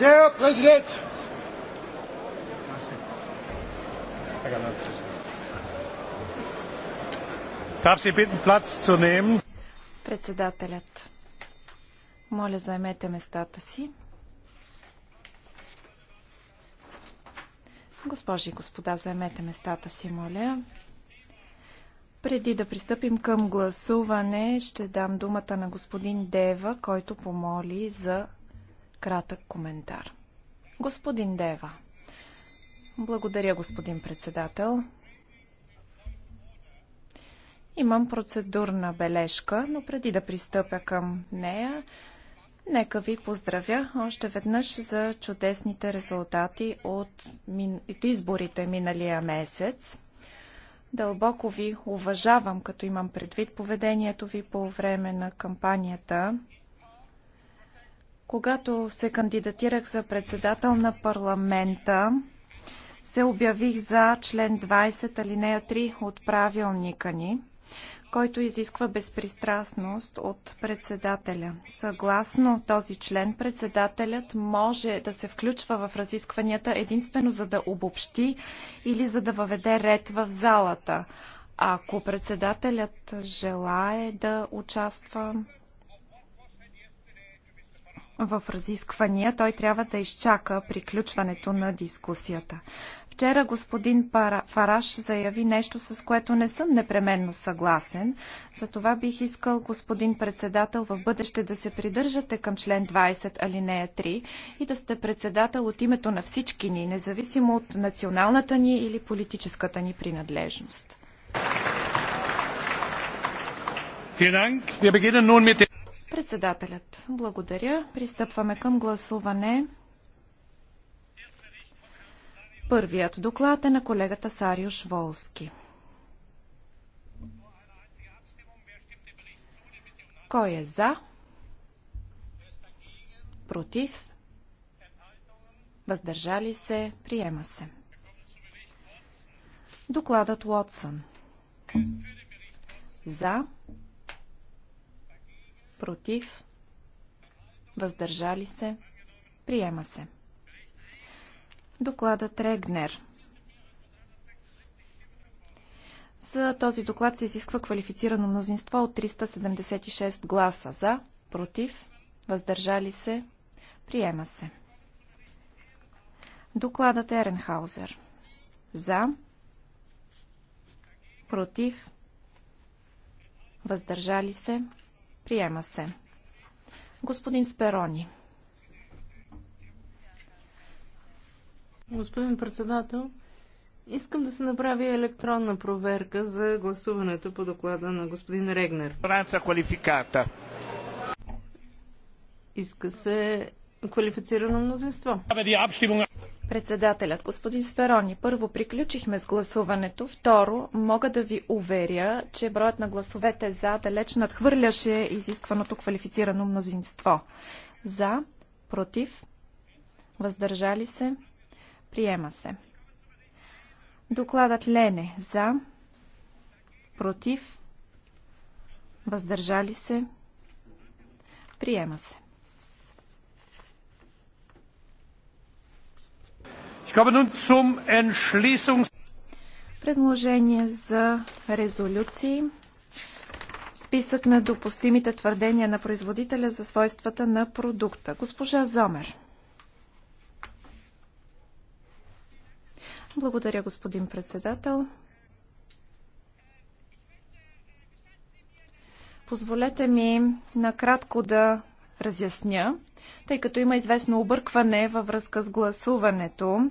Der Präsident! Darf Sie bitten, Platz zu nehmen? Председателят. Моля, заемете местата си. Госпожи и господа, заемете местата си, моля. Преди да пристъпим към гласуване, ще дам думата на господин Дева, който помоли за кратък коментар. Господин Дева. Благодаря, господин председател. Имам процедурна бележка, но преди да пристъпя към нея, нека ви поздравя още веднъж за чудесните резултати от изборите миналия месец. Дълбоко ви уважавам, като имам предвид поведението ви по време на кампанията когато се кандидатирах за председател на парламента, се обявих за член 20 алинея 3 от правилника ни, който изисква безпристрастност от председателя. Съгласно този член, председателят може да се включва в разискванията единствено за да обобщи или за да въведе ред в залата. Ако председателят желае да участва в разисквания. Той трябва да изчака приключването на дискусията. Вчера господин Фараш заяви нещо, с което не съм непременно съгласен. Затова бих искал, господин председател, в бъдеще да се придържате към член 20 алинея 3 и да сте председател от името на всички ни, независимо от националната ни или политическата ни принадлежност. Председателят, благодаря. Пристъпваме към гласуване. Първият доклад е на колегата Сариуш Волски. Кой е за? Против? Въздържали се? Приема се. Докладът Уотсън. За? против, въздържали се, приема се. Докладът Регнер. За този доклад се изисква квалифицирано мнозинство от 376 гласа за, против, въздържали се, приема се. Докладът Еренхаузер. За, против, въздържали се, Приема се. Господин Сперони. Господин председател, искам да се направи електронна проверка за гласуването по доклада на господин Регнер. Франца квалификата. Иска се квалифицирано мнозинство. Председателят, господин Сперони, първо приключихме с гласуването, второ мога да ви уверя, че броят на гласовете за далеч надхвърляше изискваното квалифицирано мнозинство. За, против, въздържали се, приема се. Докладът Лене за, против, въздържали се, приема се. Предложение за резолюции. Списък на допустимите твърдения на производителя за свойствата на продукта. Госпожа Зомер. Благодаря, господин председател. Позволете ми накратко да разясня, тъй като има известно объркване във връзка с гласуването,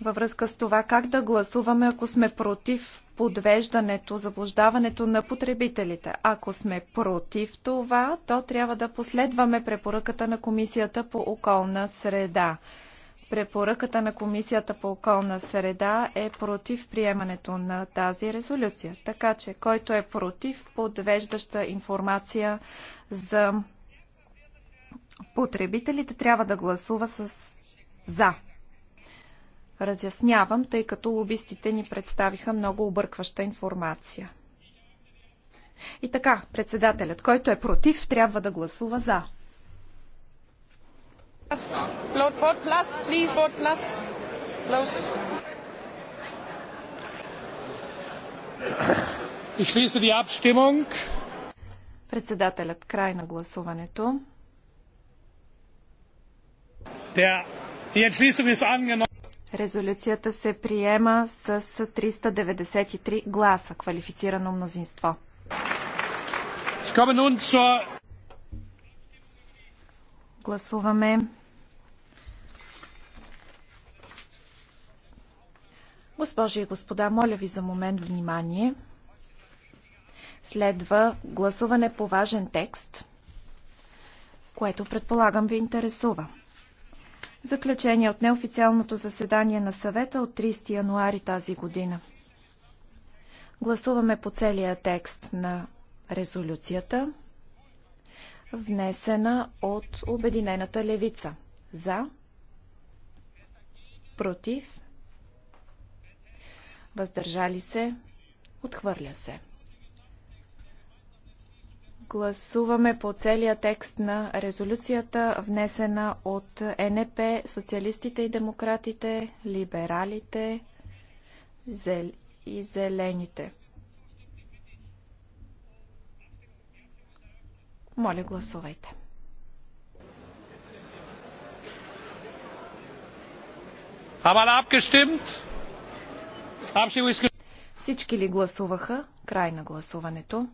във връзка с това как да гласуваме, ако сме против подвеждането, заблуждаването на потребителите. Ако сме против това, то трябва да последваме препоръката на Комисията по околна среда. Препоръката на Комисията по околна среда е против приемането на тази резолюция. Така че, който е против подвеждаща информация за потребителите трябва да гласува с за. Разяснявам, тъй като лобистите ни представиха много объркваща информация. И така, председателят, който е против, трябва да гласува за. Председателят край на гласуването. Резолюцията се приема с 393 гласа, квалифицирано мнозинство. Гласуваме Госпожи и господа, моля ви за момент внимание. Следва гласуване по важен текст, което предполагам ви интересува. Заключение от неофициалното заседание на съвета от 30 януари тази година. Гласуваме по целия текст на резолюцията, внесена от Обединената левица. За, против, въздържали се, отхвърля се. Гласуваме по целия текст на резолюцията, внесена от НП, социалистите и демократите, либералите и зелените. Моля, гласувайте. Всички ли гласуваха? Край на гласуването.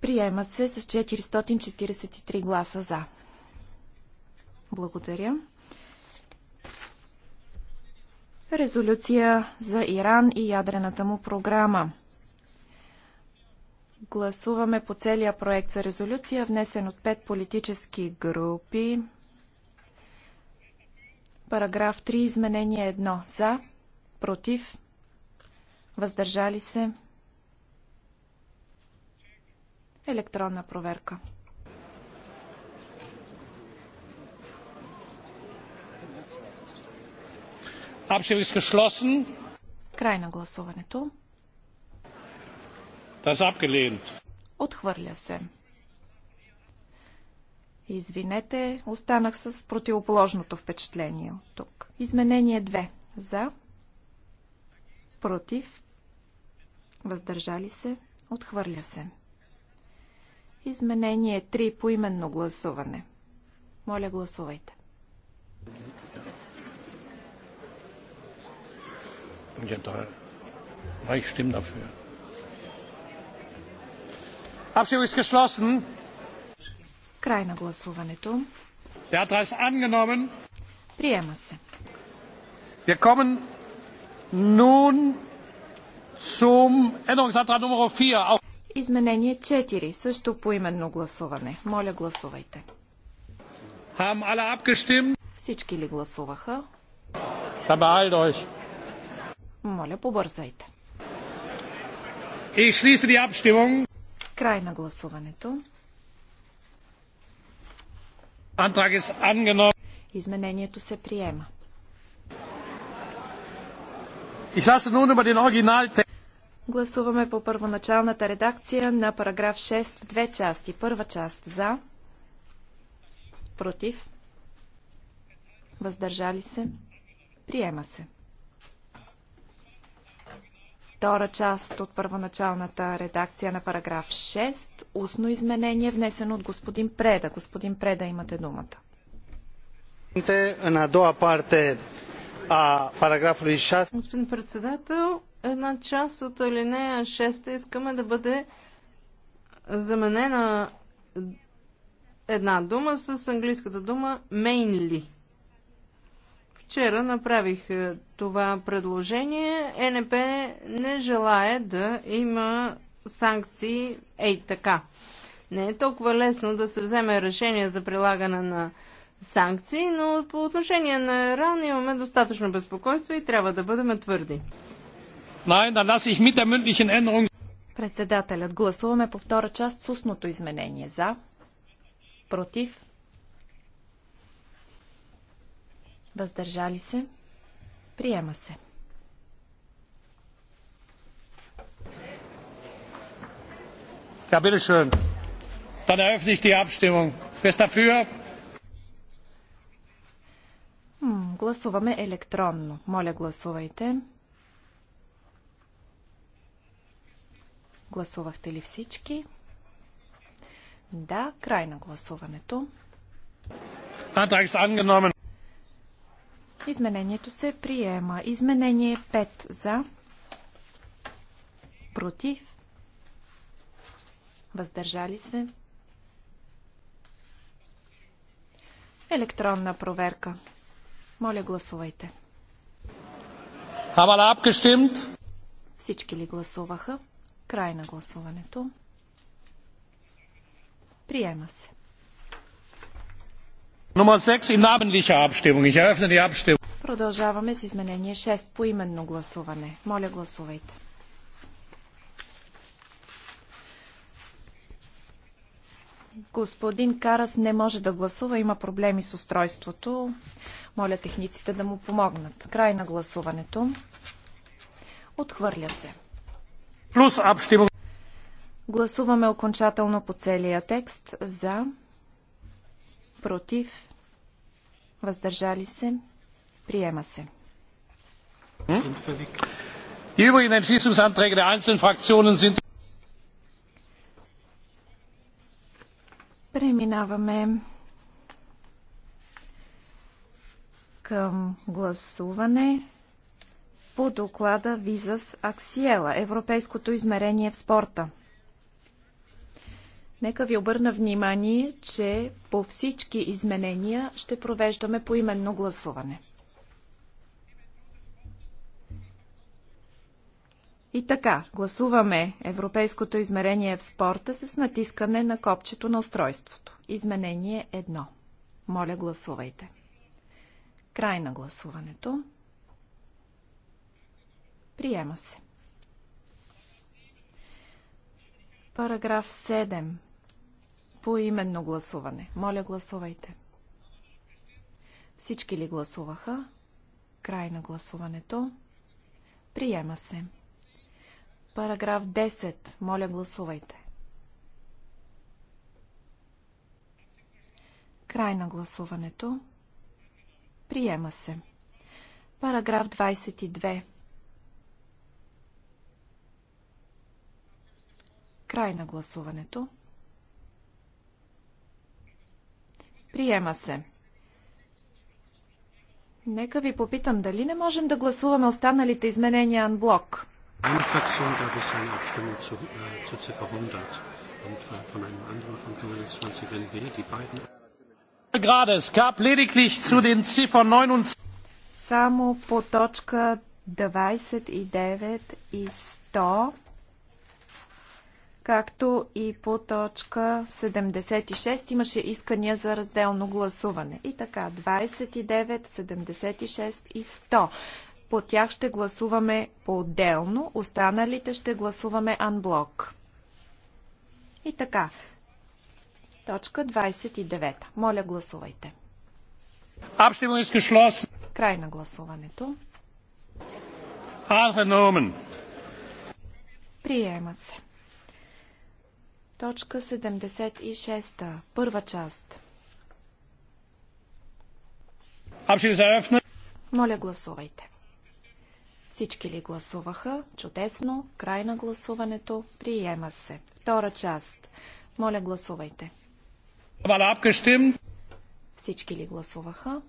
Приема се с 443 гласа за. Благодаря. Резолюция за Иран и ядрената му програма. Гласуваме по целия проект за резолюция, внесен от пет политически групи. Параграф 3, изменение 1. За, против, въздържали се, електронна проверка. Е Край на гласуването. Отхвърля се. Извинете, останах с противоположното впечатление тук. Изменение 2. За. Против въздържали се, отхвърля се. Изменение 3 по именно гласуване. Моля, гласувайте. Край на гласуването. Der Antrag ist Приема се. Wir kommen nun Изменение 4, също по именно гласуване. Моля, гласувайте. Всички ли гласуваха? Моля, побързайте. Край на гласуването. Изменението се приема. Ich lasse nun über den Originaltext. Гласуваме по първоначалната редакция на параграф 6 в две части. Първа част за, против, въздържали се, приема се. Втора част от първоначалната редакция на параграф 6. Устно изменение, внесено от господин Преда. Господин Преда, имате думата. 6. Господин председател, една част от алинея 6 искаме да бъде заменена една дума с английската дума mainly. Вчера направих е, това предложение. НП не желая да има санкции ей така. Не е толкова лесно да се вземе решение за прилагане на санкции, но по отношение на Иран имаме достатъчно безпокойство и трябва да бъдем твърди. Председателят, гласуваме по втора част с устното изменение. За? Против? Въздържали се? Приема се. Ja, bitte schön. Dann eröffne ich die Abstimmung. Wer ist dafür? Гласуваме електронно. Моля, гласувайте. Гласувахте ли всички? Да, край на гласуването. Изменението се приема. Изменение 5 за. Против. Въздържали се. Електронна проверка. Моля, гласувайте. Всички ли гласуваха? Край на гласуването. Приема се. Продължаваме с изменение 6 по именно гласуване. Моля, гласувайте. Господин Карас не може да гласува, има проблеми с устройството. Моля техниците да му помогнат. Край на гласуването. Отхвърля се. Плюс Гласуваме окончателно по целия текст за, против, въздържали се, приема се. Преминаваме към гласуване по доклада Визас Аксиела – Европейското измерение в спорта. Нека ви обърна внимание, че по всички изменения ще провеждаме поименно гласуване. И така, гласуваме Европейското измерение в спорта с натискане на копчето на устройството. Изменение 1. Моля, гласувайте. Край на гласуването. Приема се. Параграф 7. Поименно гласуване. Моля, гласувайте. Всички ли гласуваха? Край на гласуването. Приема се. Параграф 10. Моля, гласувайте. Край на гласуването. Приема се. Параграф 22. Край на гласуването. Приема се. Нека ви попитам дали не можем да гласуваме останалите изменения анблок. Е, е е Само по точка 29 и 100 както и по точка 76 имаше искания за разделно гласуване. И така, 29, 76 и 100. По тях ще гласуваме по-отделно, останалите ще гласуваме анблок. И така, точка 29. Моля, гласувайте. Край на гласуването. Приема се. Точка 76. Първа част. Моля, гласувайте. Всички ли гласуваха? Чудесно. Край на гласуването. Приема се. Втора част. Моля, гласувайте. Всички ли гласуваха?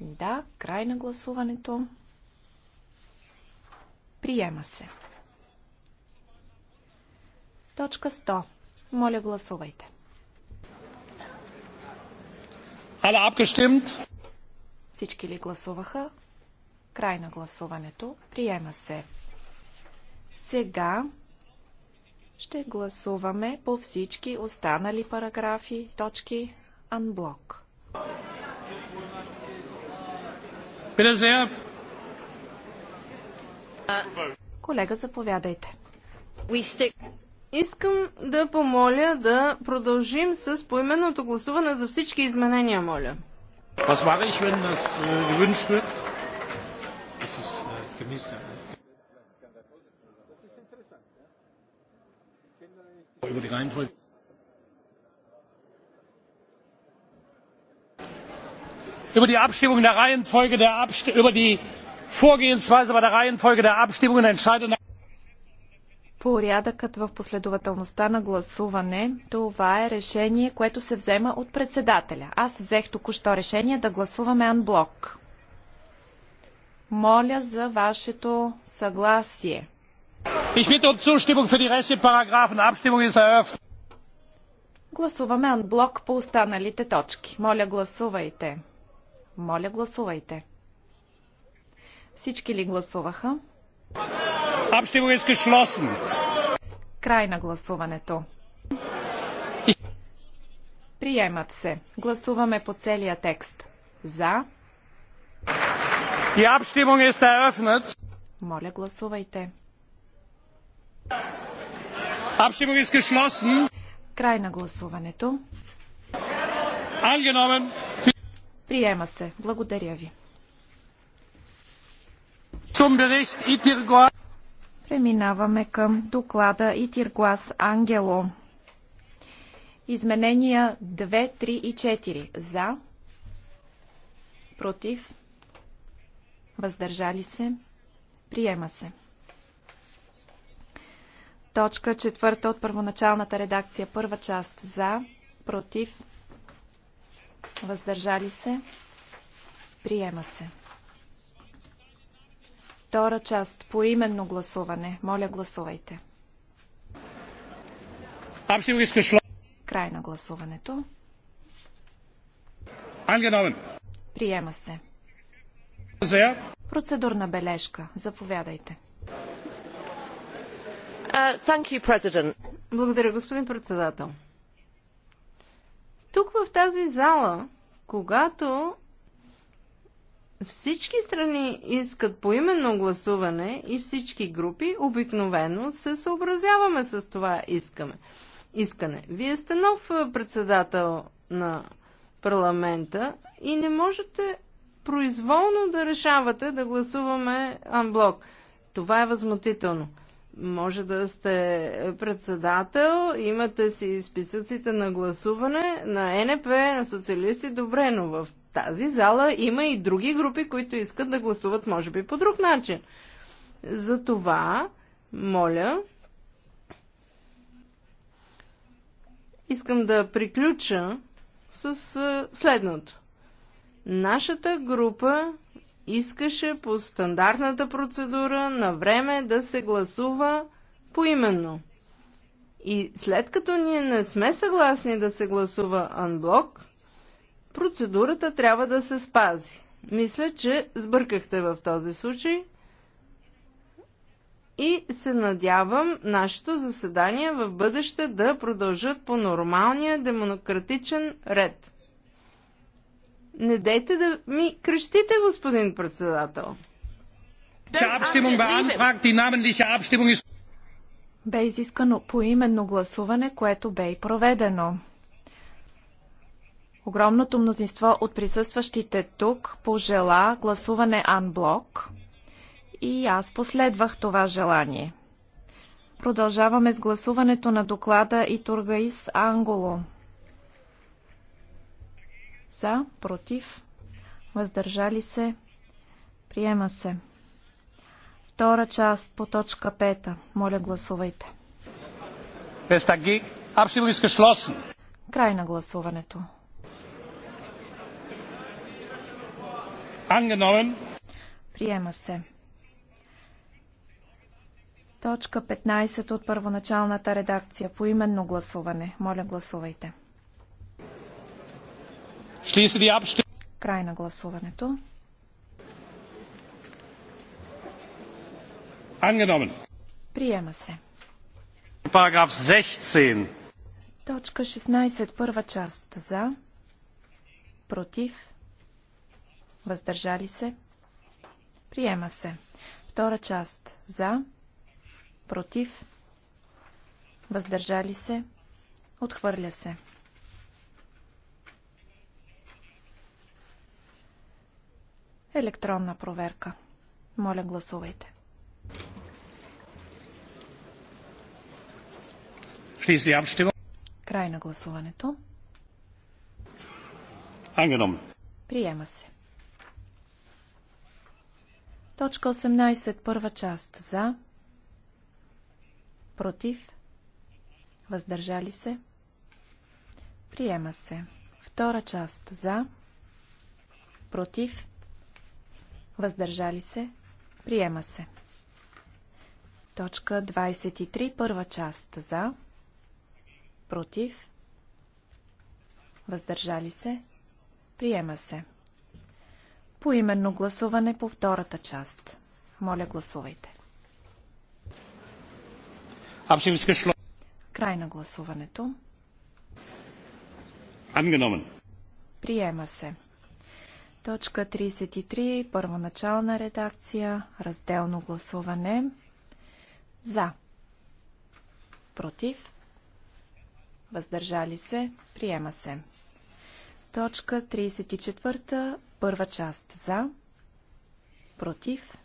Да. Край на гласуването. Приема се. Точка 100. Моля гласувайте. Alle abgestimmt? Всички ли гласуваха? Край на гласуването. Приема се. Сега ще гласуваме по всички останали параграфи, точки, анблок. Колега, заповядайте. Искам да помоля да продължим с поименното гласуване за всички изменения, моля. Was mache ich, wenn das äh, gewünscht wird? Das ist äh, gemäß der... Über die Reihenfolge. Über die Abstimmung der Reihenfolge der Abst über die Vorgehensweise bei der Reihenfolge der Abstimmungen entscheidet порядъкът в последователността на гласуване, това е решение, което се взема от председателя. Аз взех току-що решение да гласуваме анблок. Моля за вашето съгласие. Ich bitte um Zustimmung für die restlichen Paragraphen. Abstimmung ist eröffnet. Гласуваме анблок по останалите точки. Моля, гласувайте. Моля, гласувайте. Всички ли гласуваха? Abstimmung ist geschlossen. Край на гласуването. Приемат се. Гласуваме по целия текст. За. Die Abstimmung ist eröffnet. Моля, гласувайте. Abstimmung ist geschlossen. Край на гласуването. Angenommen. Приема се. Благодаря ви. Zum Bericht Itirgor. Преминаваме към доклада Итирглас Ангело. Изменения 2, 3 и 4. За. Против. Въздържали се. Приема се. Точка четвърта от първоначалната редакция. Първа част. За. Против. Въздържали се. Приема се. Втора част. По именно гласуване. Моля, гласувайте. Край на гласуването. Приема се. Процедурна бележка. Заповядайте. Uh, Благодаря, господин председател. Тук в тази зала, когато всички страни искат поименно гласуване и всички групи обикновено се съобразяваме с това искаме. искане. Вие сте нов председател на парламента и не можете произволно да решавате да гласуваме анблок. Това е възмутително. Може да сте е, председател, имате си списъците на гласуване на НП, на социалисти, добре, но в тази зала има и други групи, които искат да гласуват, може би, по друг начин. Затова, моля, искам да приключа с следното. Нашата група искаше по стандартната процедура на време да се гласува поименно. И след като ние не сме съгласни да се гласува анблок, процедурата трябва да се спази. Мисля, че сбъркахте в този случай и се надявам нашето заседание в бъдеще да продължат по нормалния демократичен ред. Не дейте да ми крещите, господин председател. Бе изискано поименно гласуване, което бе и проведено. Огромното мнозинство от присъстващите тук пожела гласуване анблок и аз последвах това желание. Продължаваме с гласуването на доклада и Тургаис Анголо. За, против, въздържали се, приема се. Втора част по точка 5. Моля, гласувайте. Край на гласуването. Angenommen. Приема се. Точка 15 от първоначалната редакция. По именно гласуване. Моля, гласувайте. Край на гласуването. Angenommen. Приема се. Параграф 16. Точка 16, първа част. За. Против. Въздържали се? Приема се. Втора част. За. Против. Въздържали се. Отхвърля се. Електронна проверка. Моля, гласувайте. Край на гласуването. Приема се. Точка 18, първа част за, против, въздържали се, приема се. Втора част за, против, въздържали се, приема се. Точка 23, първа част за, против, въздържали се, приема се. Поименно гласуване по втората част. Моля, гласувайте. Край на гласуването. Ангеномен. Приема се. Точка 33, първоначална редакция, разделно гласуване. За. Против. Въздържали се. Приема се. Точка 34, Първа част за, против,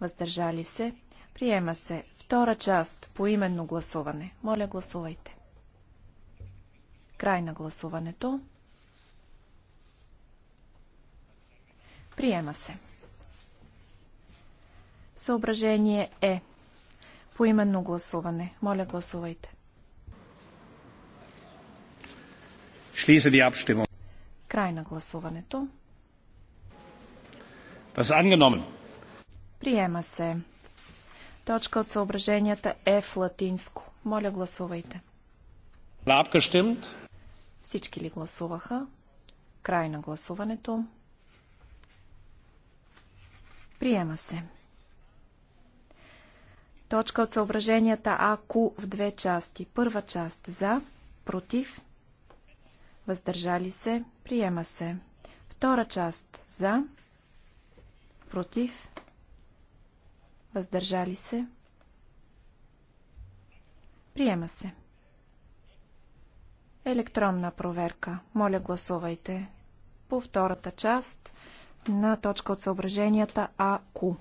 въздържали се, приема се. Втора част по именно гласуване. Моля, гласувайте. Край на гласуването. Приема се. Съображение е по именно гласуване. Моля, гласувайте. Schließe die Abstimmung. Край на гласуването. Приема се. Точка от съображенията е в латинско. Моля, гласувайте. Всички ли гласуваха? Край на гласуването. Приема се. Точка от съображенията АКУ в две части. Първа част за, против, въздържали се, приема се. Втора част за, против, въздържали се, приема се. Електронна проверка. Моля гласувайте по втората част на точка от съображенията АКУ.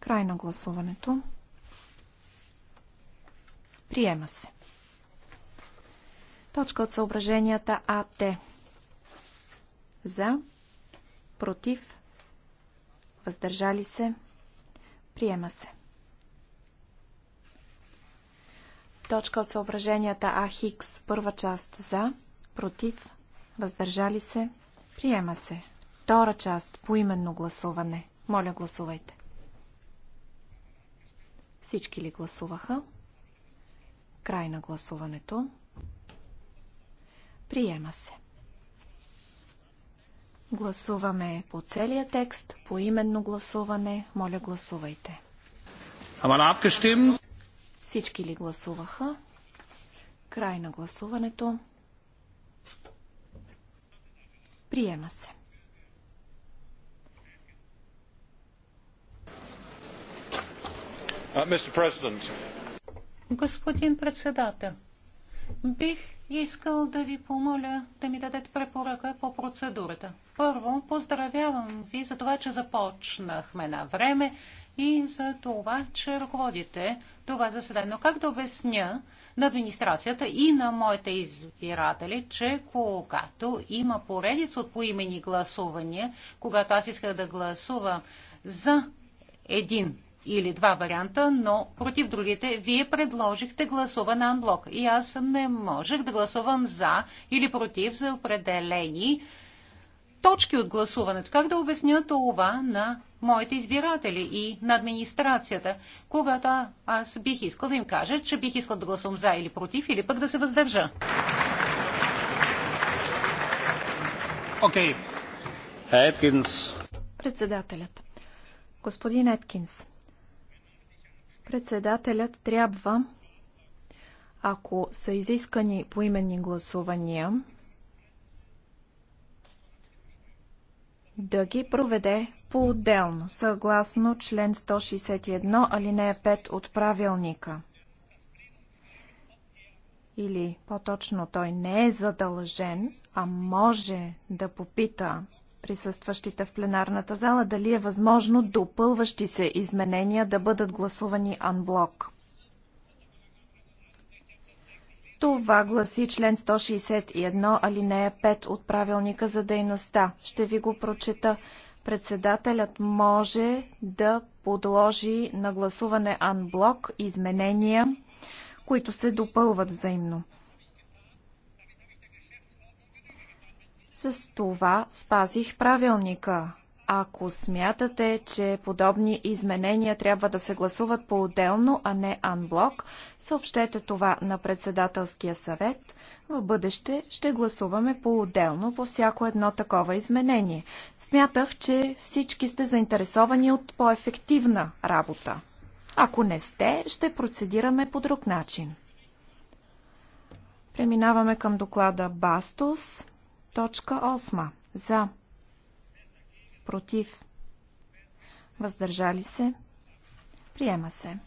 Край на гласуването. Приема се. Точка от съображенията АТ. За, против, въздържали се, приема се. Точка от съображенията АХИКС, първа част за, против, въздържали се, приема се. Втора част по именно гласуване. Моля, гласувайте. Всички ли гласуваха? Край на гласуването. Приема се. Гласуваме по целия текст, по именно гласуване. Моля, гласувайте. Всички ли гласуваха? Край на гласуването. Приема се. Uh, Господин председател, бих искал да ви помоля да ми дадете препоръка по процедурата. Първо, поздравявам ви за това, че започнахме на време и за това, че ръководите това заседание. Но как да обясня на администрацията и на моите избиратели, че когато има поредица от поимени гласувания, когато аз исках да гласувам за един или два варианта, но против другите вие предложихте гласуване анблок. И аз не можех да гласувам за или против за определени точки от гласуването. Как да обясня това на моите избиратели и на администрацията, когато аз бих искал да им кажа, че бих искал да гласувам за или против, или пък да се въздържа? Okay. Председателят. Господин Еткинс, Председателят трябва, ако са изискани поименни гласувания, да ги проведе по-отделно, съгласно член 161, алинея 5 от правилника. Или по-точно той не е задължен, а може да попита присъстващите в пленарната зала, дали е възможно допълващи се изменения да бъдат гласувани анблок. Това гласи член 161 алинея 5 от правилника за дейността. Ще ви го прочета. Председателят може да подложи на гласуване анблок изменения, които се допълват взаимно. С това спазих правилника. Ако смятате, че подобни изменения трябва да се гласуват по-отделно, а не анблок, съобщете това на председателския съвет. В бъдеще ще гласуваме по-отделно по всяко едно такова изменение. Смятах, че всички сте заинтересовани от по-ефективна работа. Ако не сте, ще процедираме по друг начин. Преминаваме към доклада Бастус. Точка 8. За. Против. Въздържали се. Приема се.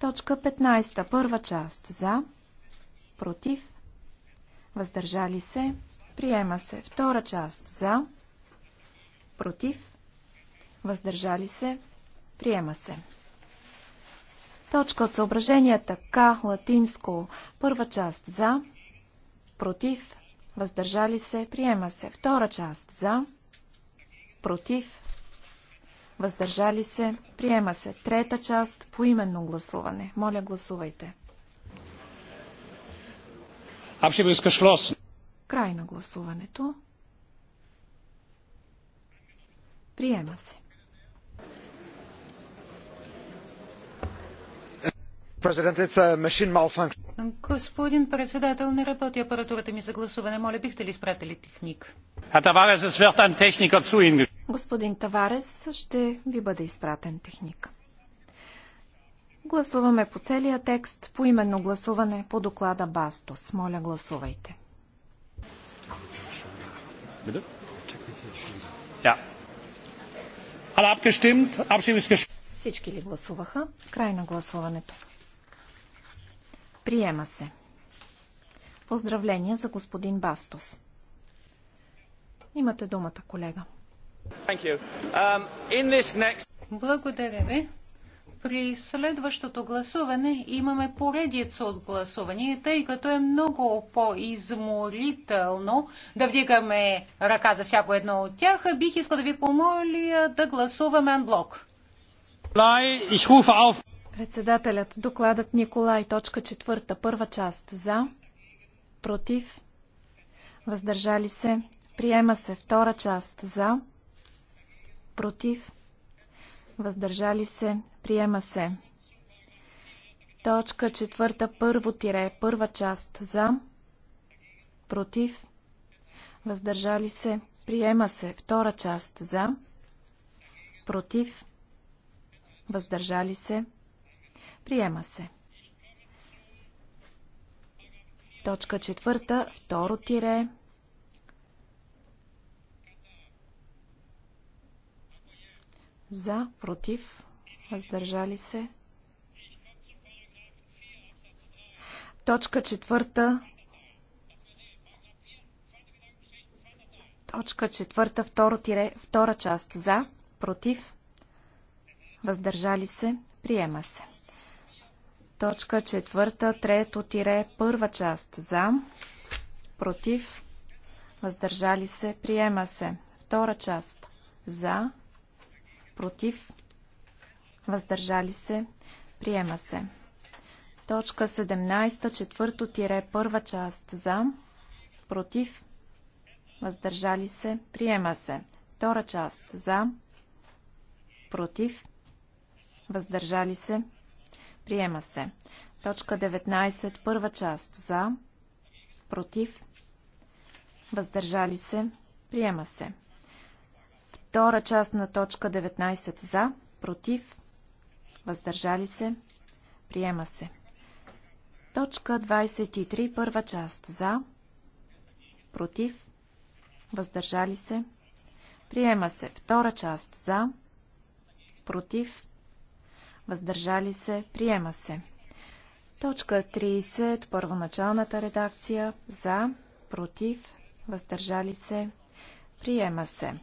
Точка 15. Първа част. За. Против. Въздържали се. Приема се. Втора част. За. Против. Въздържали се. Приема се. Точка от съображенията К, латинско, първа част за, против, въздържали се, приема се. Втора част за, против, въздържали се, приема се. Трета част по именно гласуване. Моля, гласувайте. Край на гласуването. Приема се. Господин председател, не работи апаратурата ми за гласуване. Моля, бихте ли изпратили техник? Господин Таварес, ще ви бъде изпратен техник. Гласуваме по целия текст, по именно гласуване по доклада Бастос. Моля, гласувайте. Всички ли гласуваха? Край на гласуването. Приема се. Поздравления за господин Бастос. Имате думата, колега. Um, Благодаря ви. При следващото гласуване имаме поредица от гласуване, тъй като е много по-изморително да вдигаме ръка за всяко едно от тях. Бих искал да ви помоля да гласуваме анблок. Председателят. Докладът Николай. Точка четвърта. Първа част. За. Против. Въздържали се. Приема се. Втора част. За. Против. Въздържали се. Приема се. Точка четвърта. Първо тире. Първа част. За. Против. Въздържали се. Приема се. Втора част. За. Против. Въздържали се. Приема се. Точка четвърта, второ тире. За, против, въздържали се. Точка четвърта. Точка четвърта, второ тире, втора част. За, против, въздържали се, приема се. Точка четвърта, трето тире, първа част за, против, въздържали се, приема се. Втора част за, против, въздържали се, приема се. Точка 17, четвърто тире, първа част за, против, въздържали се, приема се. Втора част за, против, въздържали се, Приема се. Точка 19, първа част. За. Против. Въздържали се. Приема се. Втора част на точка 19. За. Против. Въздържали се. Приема се. Точка 23, първа част. За. Против. Въздържали се. Приема се. Втора част. За. Против въздържали се, приема се. Точка 30, първоначалната редакция, за, против, въздържали се, приема се.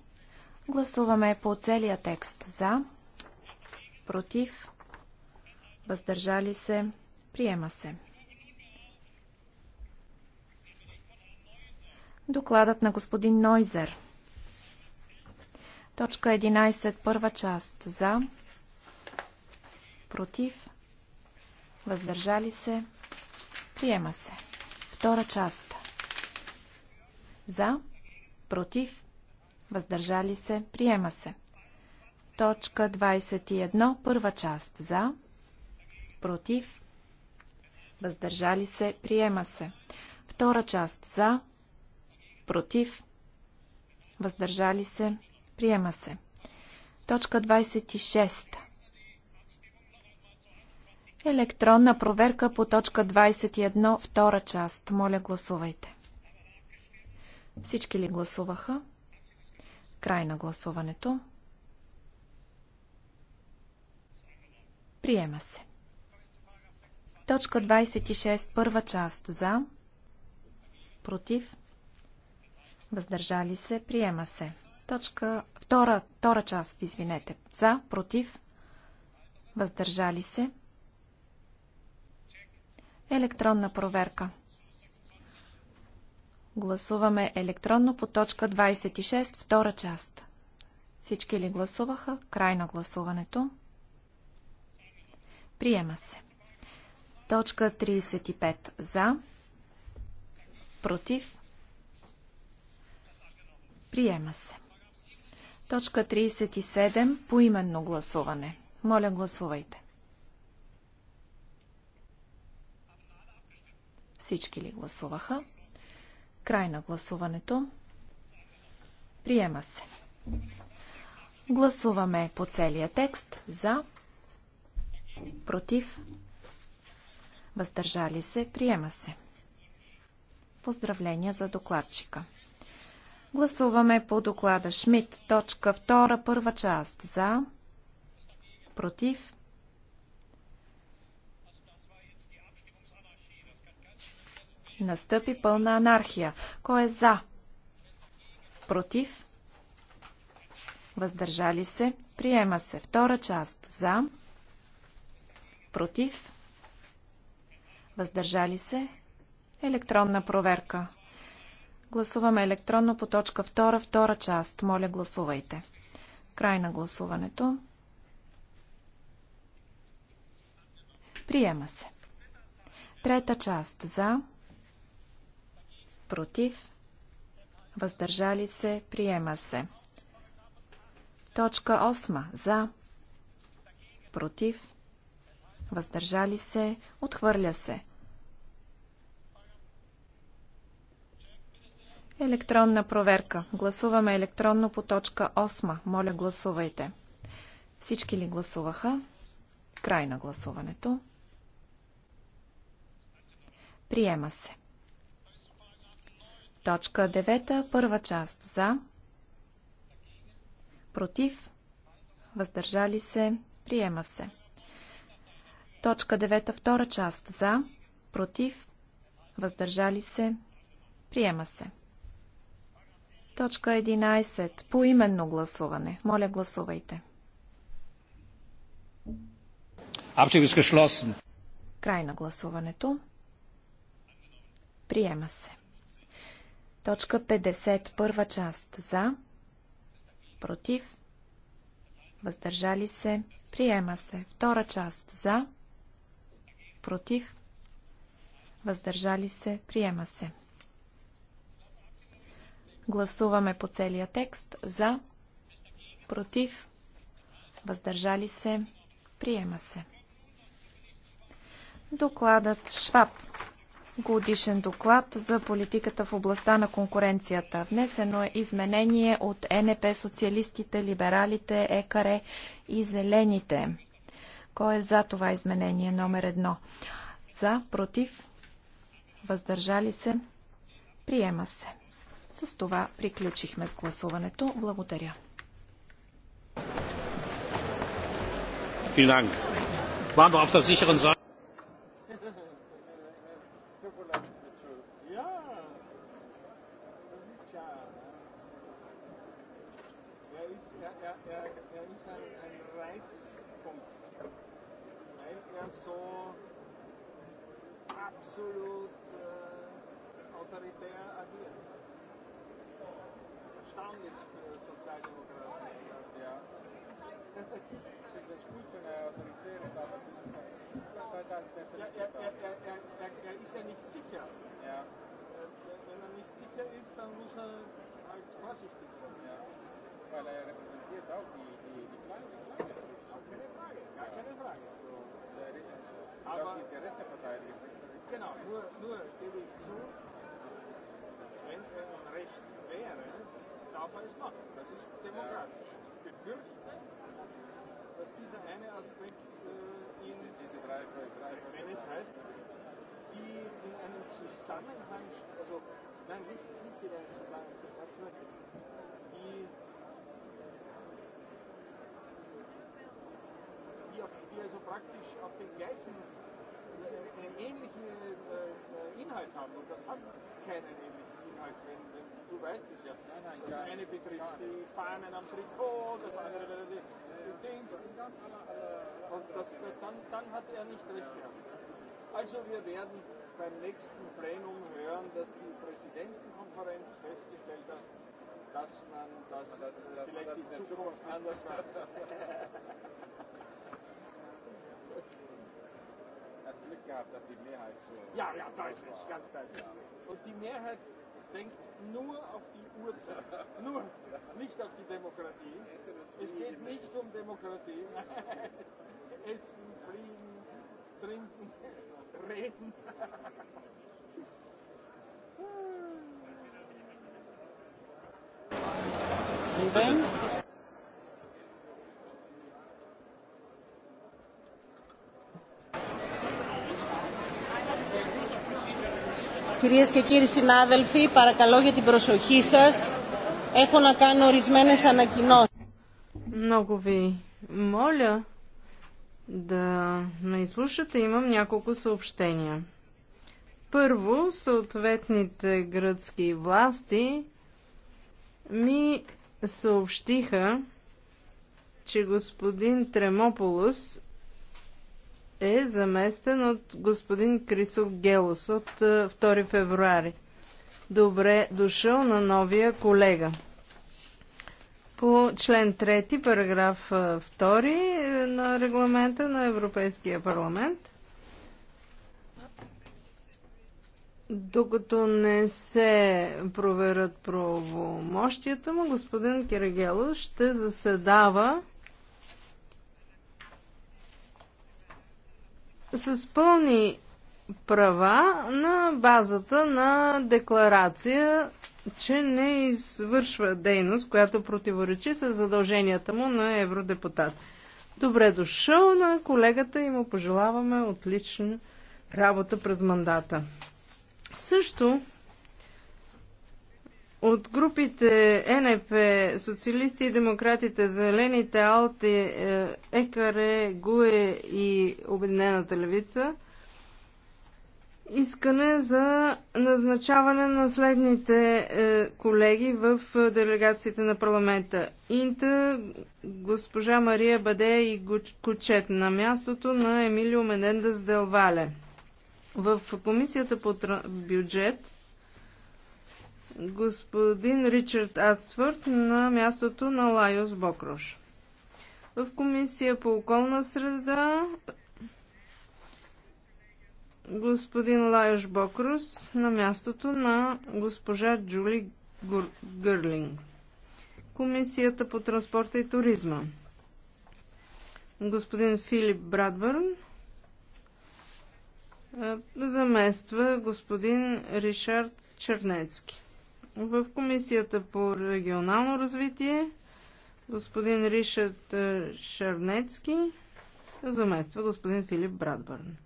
Гласуваме по целия текст за, против, въздържали се, приема се. Докладът на господин Нойзер. Точка 11, първа част. За, против, въздържали се, приема се. Втора част. За, против, въздържали се, приема се. Точка 21, първа част. За, против, въздържали се, приема се. Втора част. За, против, въздържали се, приема се. Точка 26. Електронна проверка по точка 21, втора част. Моля, гласувайте. Всички ли гласуваха? Край на гласуването. Приема се. Точка 26, първа част за, против, въздържали се, приема се. Точка втора, втора част, извинете, за, против, въздържали се, Електронна проверка. Гласуваме електронно по точка 26, втора част. Всички ли гласуваха? Край на гласуването. Приема се. Точка 35 за. Против. Приема се. Точка 37 поименно гласуване. Моля гласувайте. Всички ли гласуваха? Край на гласуването. Приема се. Гласуваме по целия текст за, против, въздържали се, приема се. Поздравления за докладчика. Гласуваме по доклада Шмидт, точка 2, първа част за, против, Настъпи пълна анархия. Кой е за? Против? Въздържали се? Приема се. Втора част. За? Против? Въздържали се? Електронна проверка. Гласуваме електронно по точка 2, втора част. Моля, гласувайте. Край на гласуването. Приема се. Трета част за против, въздържали се, приема се. Точка 8. За, против, въздържали се, отхвърля се. Електронна проверка. Гласуваме електронно по точка 8. Моля, гласувайте. Всички ли гласуваха? Край на гласуването. Приема се. Точка 9. Първа част. За. Против. Въздържали се. Приема се. Точка 9. Втора част. За. Против. Въздържали се. Приема се. Точка 11. Поименно гласуване. Моля, гласувайте. Край на гласуването. Приема се. Точка 50. Първа част. За. Против. Въздържали се. Приема се. Втора част. За. Против. Въздържали се. Приема се. Гласуваме по целия текст. За. Против. Въздържали се. Приема се. Докладът Шваб годишен доклад за политиката в областта на конкуренцията. Внесено е изменение от НП, социалистите, либералите, ЕКАРЕ и зелените. Кой е за това изменение номер едно? За, против, въздържали се, приема се. С това приключихме с гласуването. Благодаря. Vielen Dank. Waren wir auf der sicheren Seite? Genau, nur, gebe ich zu, wenn er ein Recht wäre, darf er es machen. Das ist demokratisch. Ich dass dieser eine Aspekt äh, wenn es heißt, die in einem Zusammenhang, also nein, nicht, nicht in einem Zusammenhang, die die, auf, die also praktisch auf den gleichen, äh, einen ähnlichen äh, Inhalt haben. Und das hat keinen ähnlichen Inhalt, wenn, wenn du weißt es ja. Nein, nein, das eine betrifft die Fahnen am Trikot, das andere die, die Dings. Und das, dann, dann hat er nicht recht gehabt. Also wir werden beim nächsten Plenum hören, dass die Präsidentenkonferenz festgestellt hat, dass man das, dass, vielleicht in Zukunft anders macht. Glück gehabt, dass die Mehrheit so. Ja, ja, deutlich, ganz deutlich. Und die Mehrheit denkt nur auf die Uhrzeit, nur, nicht auf die Demokratie. Es geht nicht um Demokratie. Essen, Fliegen, Trinken, Reden. Ven. Κυρίες και κύριοι συνάδελφοι, παρακαλώ για την προσοχή σας. Έχω να κάνω ορισμένες ανακοινώσεις. Много ви моля да ме изслушате. Имам няколко съобщения. Първо, съответните гръцки власти ми съобщиха, че господин Тремополос е заместен от господин Крисов Гелос от 2 е, февруари. Добре е дошъл на новия колега. По член 3, параграф 2 е, на регламента на Европейския парламент, докато не се проверят правомощията му, господин Кирагело ще заседава с пълни права на базата на декларация, че не извършва дейност, която противоречи с задълженията му на евродепутат. Добре дошъл на колегата и му пожелаваме отлична работа през мандата. Също от групите е НП, социалисти и демократите, зелените, алте, екаре, гуе и обединената левица искане за назначаване на следните е, колеги в е, делегациите на парламента. Инта, госпожа Мария Баде и Кучет на мястото на Емилио Менендес Делвале. В комисията по бюджет господин Ричард Атсфорд на мястото на Лайос Бокрош. В Комисия по околна среда господин Лайош Бокрус на мястото на госпожа Джули Гур... Гърлинг. Комисията по транспорта и туризма. Господин Филип Брадбърн замества господин Ришард Чернецки. В Комисията по регионално развитие господин Ришард е, Шарнецки замества господин Филип Брадбърн.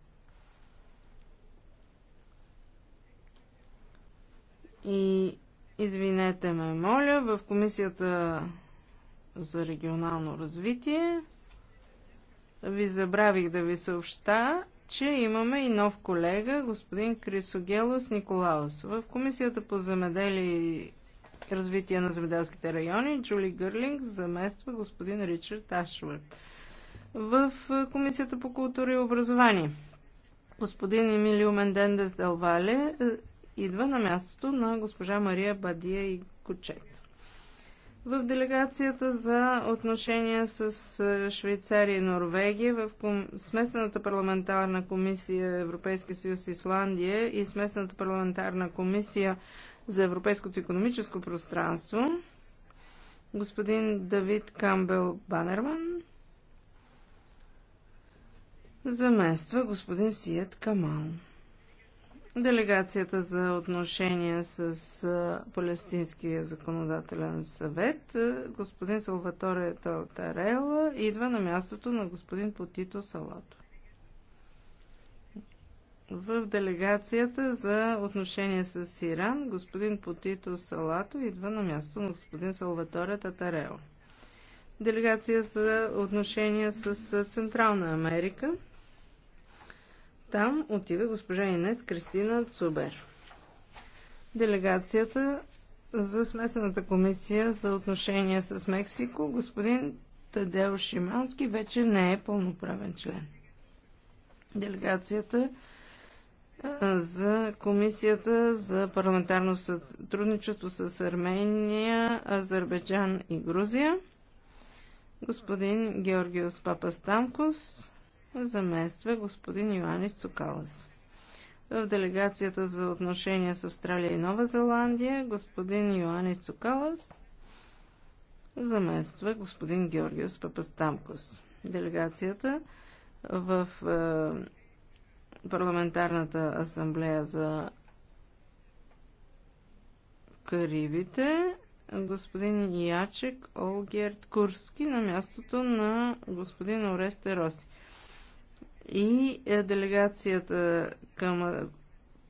И извинете ме, моля, в Комисията за регионално развитие ви забравих да ви съобща, че имаме и нов колега, господин Крисогелос Николаус. В Комисията по земеделие и развитие на земеделските райони Джули Гърлинг замества господин Ричард Ашвард. В Комисията по култура и образование господин Емилио Мендендес Делвале идва на мястото на госпожа Мария Бадия и Кучет в делегацията за отношения с е, Швейцария и Норвегия в Смесената парламентарна комисия Европейски съюз Исландия и Смесената парламентарна комисия за Европейското економическо пространство господин Давид Камбел Банерман замества господин Сиет Камал. Делегацията за отношения с Палестинския законодателен съвет, господин Салваторе Талтарела, идва на мястото на господин Потито Салато. В делегацията за отношения с Иран, господин Потито Салато идва на мястото на господин Салваторе Татарела. Делегация за отношения с Централна Америка, там отива госпожа Инес Кристина Цубер. Делегацията за смесената комисия за отношения с Мексико, господин Тадео Шимански вече не е пълноправен член. Делегацията за Комисията за парламентарно сътрудничество с Армения, Азербайджан и Грузия. Господин Георгиос Папастамкос замества господин Йоанис Цокалас. В делегацията за отношения с Австралия и Нова Зеландия господин Йоанис Цокалас замества господин Георгиос Папастамкос. Делегацията в е, Парламентарната асамблея за Карибите господин Ячек Олгерт Курски на мястото на господин Оресте Роси и е, делегацията към е,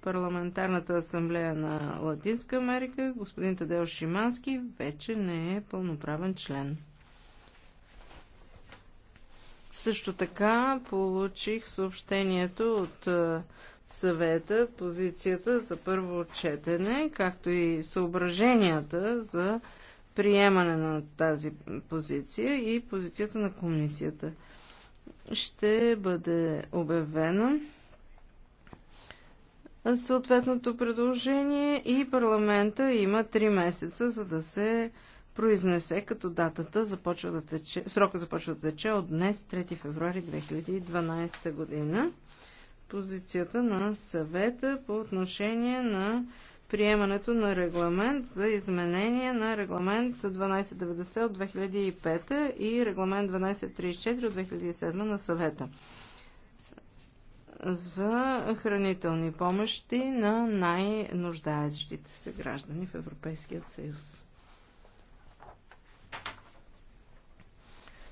Парламентарната асамблея на Латинска Америка, господин Тадел Шимански, вече не е пълноправен член. Също така получих съобщението от е, съвета, позицията за първо четене, както и съображенията за приемане на тази позиция и позицията на комисията ще бъде обявено съответното предложение и парламента има 3 месеца, за да се произнесе, като датата започва да тече, срока започва да тече от днес, 3 февруари 2012 година. Позицията на съвета по отношение на приемането на регламент за изменение на регламент 1290 от 2005 и регламент 1234 от 2007 на съвета за хранителни помощи на най-нуждаещите се граждани в Европейския съюз.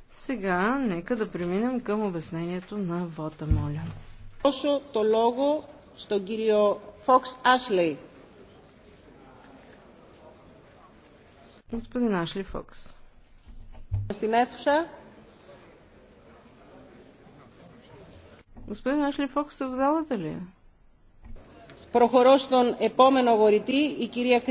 Сега нека да преминем към обяснението на вота, моля. Όσο то лого, στον Гирио Фокс Ашлей. Господин Ашли Фокс. Στην αίθουσα. Господин Ашли Фокс, е в залата ли е? Прохорώ στον επόμενο αγορητή, η κυρία